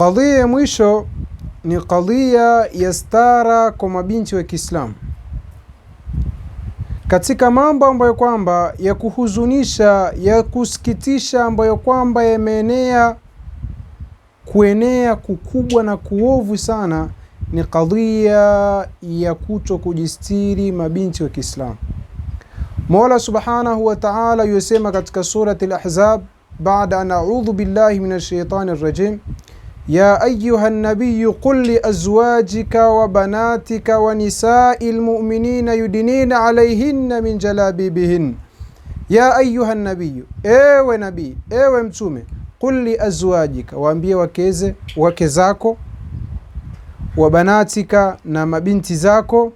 qadhia ya mwisho ni kadhia ya stara kwa mabinti wa Kiislamu. Katika mambo ambayo kwamba ya kuhuzunisha, ya kusikitisha, ambayo kwamba yameenea kuenea kukubwa na kuovu sana ni kadhia ya kuto kujistiri mabinti wa Kiislamu. Mola Subhanahu wa Ta'ala yusema katika surati Al-Ahzab, baada an a'udhu billahi minash shaitani rrajim يا أيها النبي قل لأزواجك وبناتك ونساء المؤمنين يدنين عليهن من جلابيبهن يا أيها النبي ewe nabii ewe mtume qul liazwajika waambie wakeze wake zako wa banatika na mabinti zako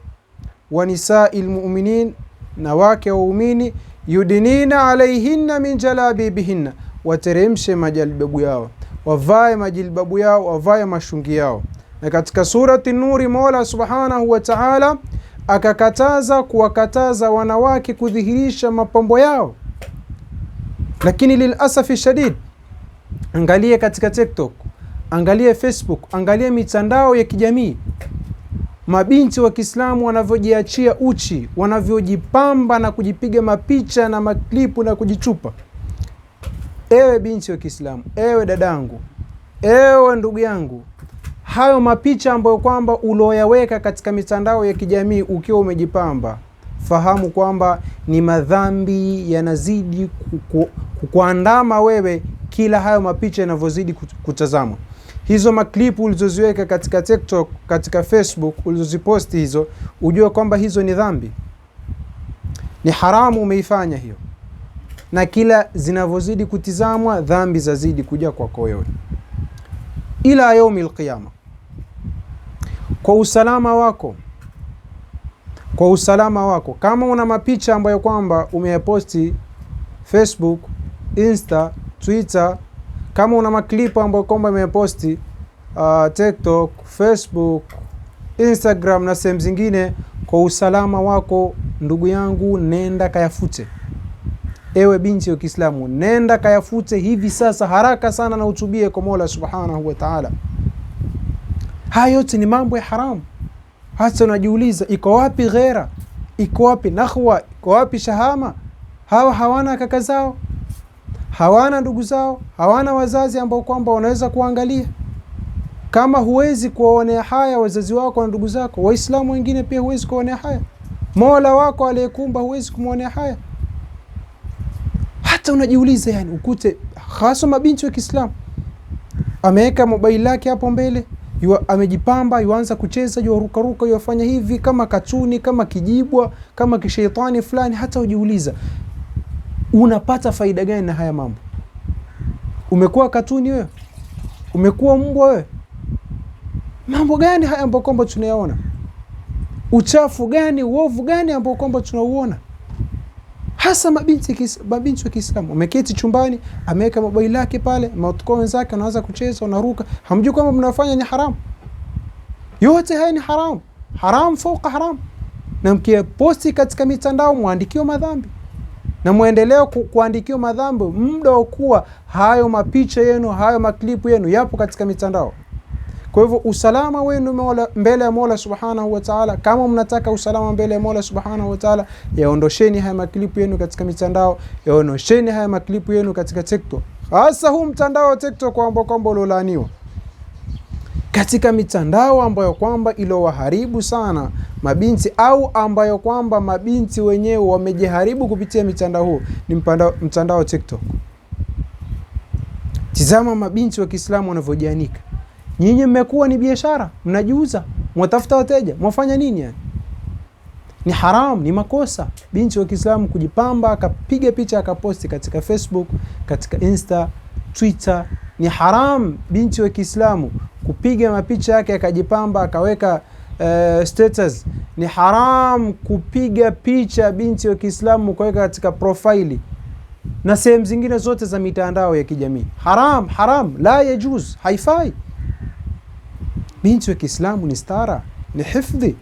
wa nisai lmuminin na wake waumini yudinina alaihinna min jalabibihinna wateremshe majalibabu yao wavae majilbabu yao, wavae mashungi yao. Na katika surati Nuri, Mola subhanahu wa taala akakataza kuwakataza wanawake kudhihirisha mapambo yao, lakini lilasafi shadid, angalie katika TikTok, angalie Facebook, angalie mitandao ya kijamii mabinti wa Kiislamu wanavyojiachia uchi, wanavyojipamba na kujipiga mapicha na maklipu na kujichupa. Ewe binti wa Kiislamu, ewe dadangu, ewe ndugu yangu, hayo mapicha ambayo kwamba ulioyaweka katika mitandao ya kijamii ukiwa umejipamba, fahamu kwamba ni madhambi yanazidi kukuandama wewe kila hayo mapicha yanavyozidi kutazama. Hizo maklipu ulizoziweka katika TikTok, katika Facebook ulizoziposti hizo, ujue kwamba hizo ni dhambi, ni haramu, umeifanya hiyo na kila zinavyozidi kutizamwa dhambi zazidi kuja kwako wewe, ila yaumi qiyama. Kwa usalama wako, kwa usalama wako, kama una mapicha ambayo kwamba umeyaposti Facebook, Insta, Twitter, kama una maklipu ambayo kwamba umeyaposti uh, TikTok, Facebook, Instagram na sehemu zingine, kwa usalama wako ndugu yangu, nenda kayafute. Ewe binti wa Kiislamu, nenda kayafute hivi sasa haraka sana na utubie kwa Mola subhanahu wa taala. Haya yote ni mambo ya haramu. Hata unajiuliza iko wapi ghera, iko wapi nakhwa, iko wapi shahama? Hawa hawana kaka zao, hawana ndugu zao, hawana wazazi ambao kwamba wanaweza kuangalia. Kama huwezi kuwaonea haya wazazi wako na ndugu zako, Waislamu wengine pia huwezi kuwaonea haya. Mola wako aliyekumba huwezi kumwonea haya hata unajiuliza yani, ukute hasa mabinti wa Kiislamu ameweka mobile lake hapo mbele Yua, amejipamba yuanza kucheza yuarukaruka yuafanya hivi kama katuni kama kijibwa kama kisheitani fulani, hata ujiuliza unapata faida gani na haya mambo? Umekuwa katuni wewe? Umekuwa mbwa wewe? Mambo gani haya ambayo kwamba tunayaona? Uchafu gani, uovu gani ambao kwamba tunauona? hasa mabinti mabinti wa Kiislamu wameketi chumbani, ameweka mabai yake pale, matukio wenzake wanaanza kucheza, wanaruka. Hamjui kwamba mnafanya ni haramu? Yote haya ni haramu, haramu fauka haramu. Na posti katika mitandao mwandikiwa madhambi na mwendelea ku, kuandikiwa madhambi muda wa kuwa hayo mapicha yenu hayo maklipu yenu yapo katika mitandao. Kwa hivyo usalama wenu mbele ya Mola Subhanahu wa Ta'ala, kama mnataka usalama mbele ya Mola Subhanahu wa Ta'ala, yaondosheni haya maklipu yenu katika mitandao, yaondosheni haya maklipu yenu katika TikTok, hasa huu mtandao wa TikTok ambao kwamba uliolaaniwa katika mitandao ambayo kwamba ilowaharibu sana mabinti au ambayo kwamba mabinti wenyewe wamejiharibu kupitia mitandao huo, ni mtandao wa TikTok. Tizama mabinti wa Kiislamu wanavyojianika. Nyinyi mmekuwa ni biashara, mnajiuza, mwatafuta wateja, mwafanya nini? Yani ni haramu, ni makosa binti wa Kiislamu kujipamba akapiga picha akaposti katika Facebook, katika Insta, Twitter. Ni haramu binti wa Kiislamu kupiga mapicha yake akajipamba akaweka Uh, status ni haramu kupiga picha binti wa Kiislamu kuweka katika profaili na sehemu zingine zote za mitandao ya kijamii. Haram, haram, la yajuz, haifai binti wa Kiislamu ni stara, ni hifdhi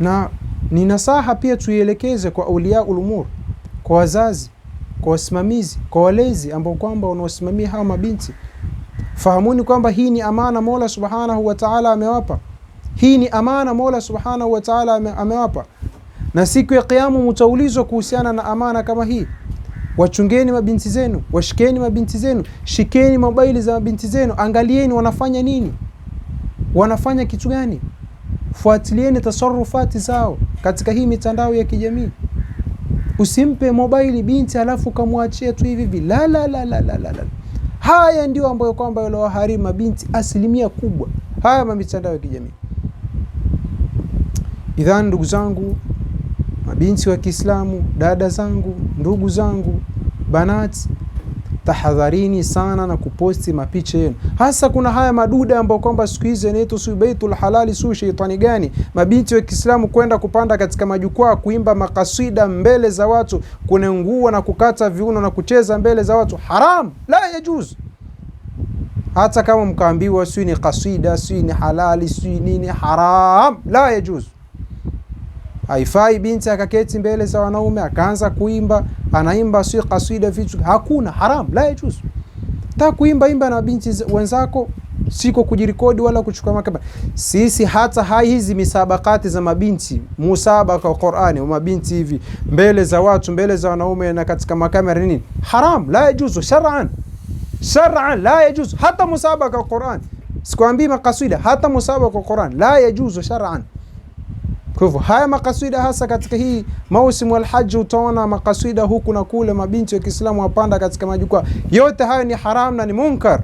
na ni nasaha pia tuielekeze kwa aulia ulumur, kwa wazazi, kwa wasimamizi, kwa walezi ambao kwamba wanaosimamia hawa mabinti. Fahamuni kwamba hii ni amana Mola Subhanahu wa Ta'ala amewapa. Hii ni amana Mola Subhanahu wa Ta'ala amewapa, na siku ya Kiyama mtaulizwa kuhusiana na amana kama hii. Wachungeni mabinti zenu, washikeni mabinti zenu, shikeni mabaili za mabinti zenu, angalieni wanafanya nini, wanafanya kitu gani, fuatilieni tasarufati zao katika hii mitandao ya kijamii. Usimpe mobaili binti alafu ukamwachia tu hivi hivi, la la la la la la. Haya ndio ambayo kwamba yalowaharibu mabinti asilimia kubwa, haya mamitandao ya kijamii. Idhani ndugu zangu mabinti wa Kiislamu, dada zangu, ndugu zangu, banati, tahadharini sana na kuposti mapicha yenu, hasa kuna haya maduda ambayo kwamba siku hizi yanaitwa si baitul halali, si sheitani gani, mabinti wa Kiislamu kwenda kupanda katika majukwaa kuimba makasida mbele za watu, kunengua na kukata viuno na kucheza mbele za watu, haram la yajuz hata kama mkaambiwa sijui ni kasida sijui ni halali sijui nini, haram la yajuz haifai binti akaketi mbele za wanaume akaanza kuimba, anaimba si kaswida vitu, hakuna haram, la yajuz. Ta kuimba imba na binti wenzako, siko kujirikodi wala kuchukua makaba. Sisi hata hai hizi misabakati za mabinti, musabaka wa Qur'ani wa mabinti hivi mbele za watu, mbele za wanaume na katika makamera nini, haram, la yajuz shar'an, shar'an la yajuz. Hata musabaka wa Qur'ani sikwambii makaswida, hata musabaka wa Qur'ani la yajuz shar'an. Kwa hivyo haya makaswida hasa katika hii mausimu alhaji, utaona makaswida huku na kule, mabinti wa Kiislamu wapanda katika majukwaa yote. Hayo ni haramu na ni munkar.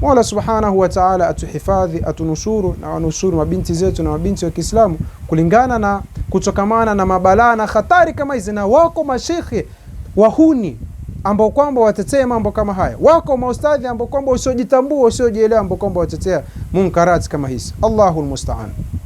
Mola subhanahu wa taala atuhifadhi, atunusuru na wanusuru mabinti zetu na mabinti wa Kiislamu kulingana na kutokamana na mabalaa na hatari kama hizi. Na wako mashekhe wahuni ambao kwamba watetea mambo kama haya, wako maustadhi ambao kwamba usiojitambua usiojielewa ambao kwamba watetea munkarati kama hizi. Allahu mustaan.